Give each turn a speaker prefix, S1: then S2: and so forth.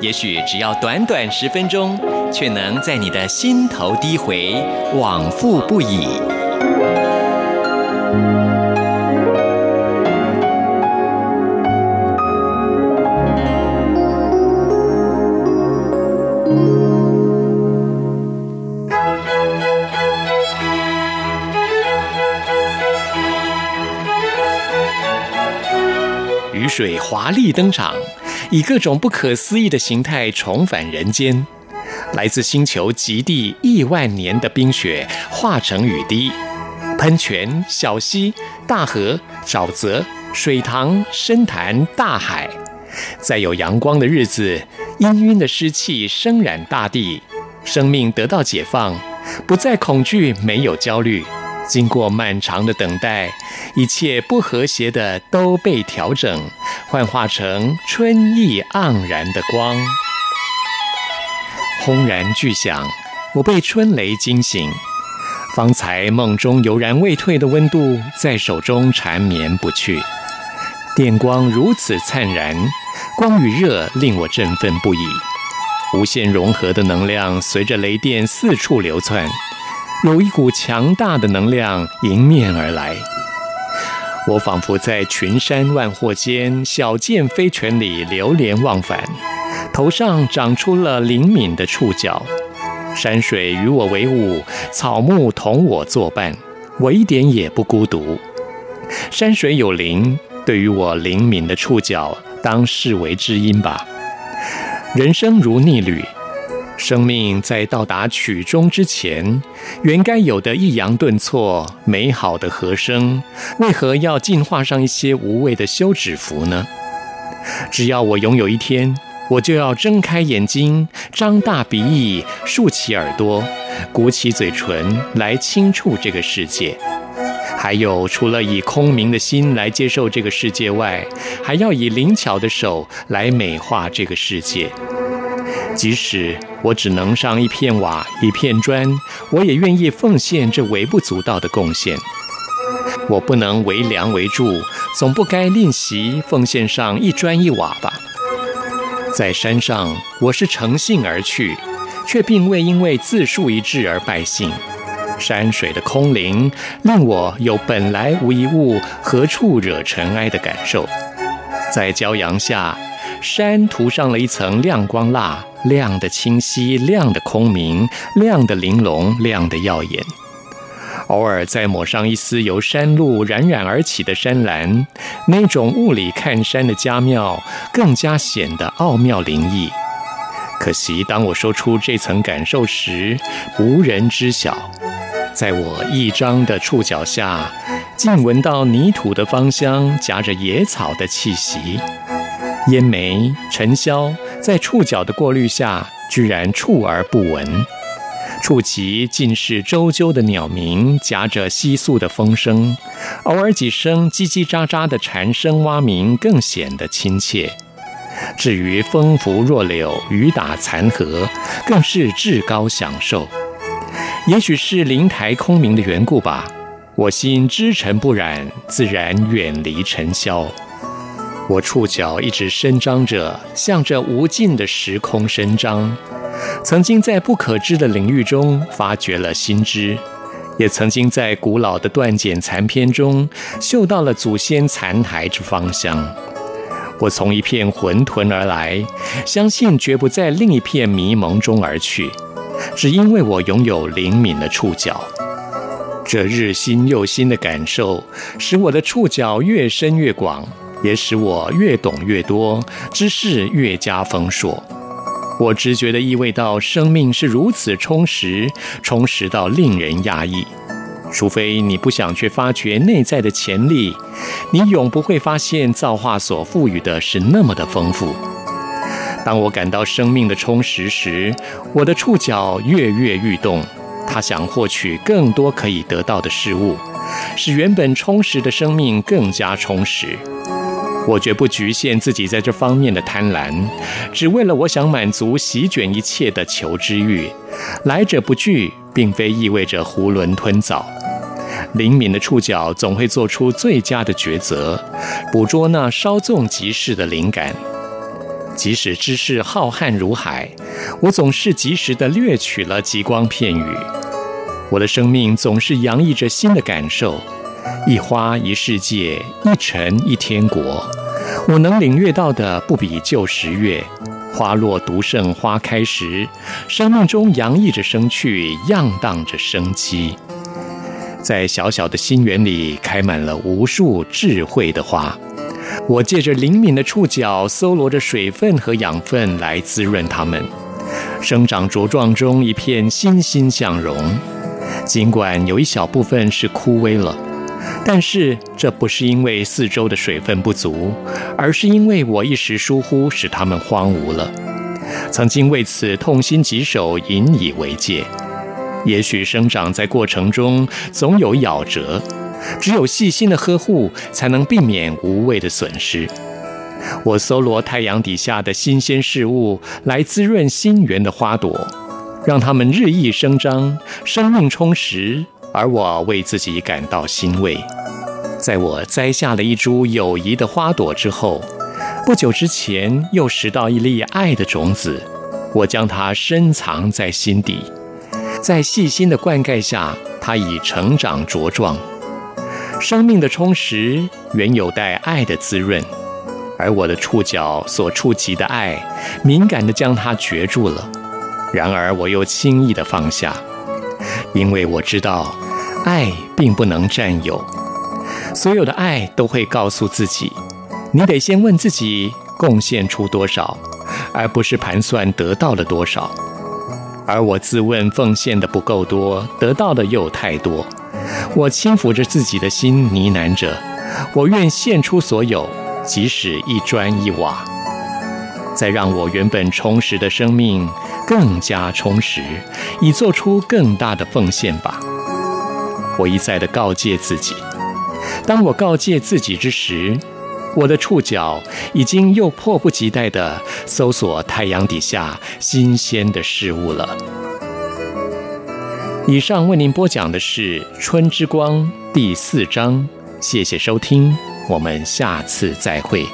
S1: 也許只要短短十分鐘，卻能在你的心頭低回，往復不已。雨水華麗登場。以各種不可思議的形態重返人間，來自星球極地億萬年的冰雪化成雨滴，噴泉、小溪、大河、沼澤、水塘、深潭、大海，在有陽光的日子，氤氲的濕氣升染大地，生命得到解放，不再恐懼，沒有焦慮。經過漫長的等待，一切不和諧的都被調整，幻化成春意盎然的光。轟然巨響，我被春雷驚醒。方才夢中猶然未退的溫度，在手中纏綿不去。電光如此燦然，光與熱令我振奮不已。無限融合的能量，隨着雷電四處流竄。有一股強大的能量迎面而來，我仿佛在群山萬壑間、小澗飛泉裡流連忘返。頭上長出了靈敏的觸角，山水與我為伍，草木同我作伴，我一點也不孤獨。山水有靈，對於我靈敏的觸角，當視為知音吧。人生如逆旅。生命在到達曲終之前，原該有的抑揚頓挫、美好的和聲，為何要進化上一些無謂的休止符呢？只要我擁有一天，我就要睜開眼睛，張大鼻翼，豎起耳朵，鼓起嘴唇來輕觸這個世界。還有，除了以空明的心來接受這個世界外，還要以靈巧的手來美化這個世界。即使我只能上一片瓦、一片磚，我也願意奉獻這微不足道的貢獻。我不能為樑為柱，總不該吝惜奉獻上一磚一瓦吧？在山上，我是乘興而去，卻並未因為自樹一幟而敗興。山水的空靈，令我有本來無一物，何處惹塵埃的感受。在驕陽下。山塗上了一層亮光蠟，亮得清晰，亮得空明，亮得玲瓏，亮得耀眼。偶爾再抹上一絲由山路冉冉而起的山嵐，那種霧裡看山的佳妙，更加顯得奧妙靈異。可惜，當我說出這層感受時，無人知曉。在我一張的觸角下，竟聞到泥土的芳香，夾着野草的氣息。煙眉塵囂，在觸角的過濾下，居然觸而不聞。觸其盡是啁啾的鳥鳴，夾着窸窣的風聲，偶爾幾聲嘰嘰喳喳的蟬聲、蛙鳴，更顯得親切。至於風拂弱柳，雨打殘荷，更是至高享受。也許是靈台空明的緣故吧，我心之塵不染，自然遠離塵囂。我觸角一直伸張着，向着無盡的時空伸張。曾經在不可知的領域中發掘了新知，也曾經在古老的斷簡殘篇中嗅到了祖先殘骸之芳香。我從一片混沌而來，相信絕不在另一片迷蒙中而去，只因為我擁有靈敏的觸角。這日新又新的感受，使我的觸角越伸越廣。也使我越懂越多，知識越加豐碩。我直覺地意味到，生命是如此充實，充實到令人壓抑。除非你不想去發掘內在的潛力，你永不會發現造化所賦予的是那麼的豐富。當我感到生命的充實時，我的觸角躍躍欲動，它想獲取更多可以得到的事物，使原本充實的生命更加充實。我絕不局限自己在這方面的貪婪，只為了我想滿足席捲一切的求知欲。來者不拒，並非意味着囫圇吞棗。靈敏的觸角總會做出最佳的抉擇，捕捉那稍縱即逝的靈感。即使知識浩瀚如海，我總是及時地掠取了吉光片羽。我的生命總是洋溢着新的感受。一花一世界，一塵一天國。我能領略到的不比舊時月，花落獨盛花開時。生命中洋溢着生趣，漾蕩着生機，在小小的心園裡開滿了無數智慧的花。我借着靈敏的觸角，搜羅着水分和養分來滋潤它們，生長茁壯中一片欣欣向榮。儘管有一小部分是枯萎了。但是這不是因為四周的水分不足，而是因為我一時疏忽使它們荒蕪了。曾經為此痛心疾首，引以為戒。也許生長在過程中總有夭折，只有細心的呵護才能避免無謂的損失。我搜羅太陽底下的新鮮事物來滋潤新園的花朵，讓它們日益生長，生命充實。而我為自己感到欣慰，在我摘下了一株友誼的花朵之後，不久之前又拾到一粒愛的種子，我將它深藏在心底，在細心的灌溉下，它已成長茁壯。生命的充實原有待愛的滋潤，而我的觸角所觸及的愛，敏感地將它攫住了。然而我又輕易地放下，因為我知道。愛並不能佔有，所有的愛都會告訴自己：你得先問自己貢獻出多少，而不是盤算得到了多少。而我自問奉獻的不夠多，得到的又太多。我輕撫着自己的心，呢喃着：我願獻出所有，即使一磚一瓦，再讓我原本充實的生命更加充實，以做出更大的奉獻吧。我一再的告誡自己，當我告誡自己之時，我的觸角已經又迫不及待的搜索太陽底下新鮮的事物了。以上為您播講的是《春之光》第四章，謝謝收聽，我們下次再會。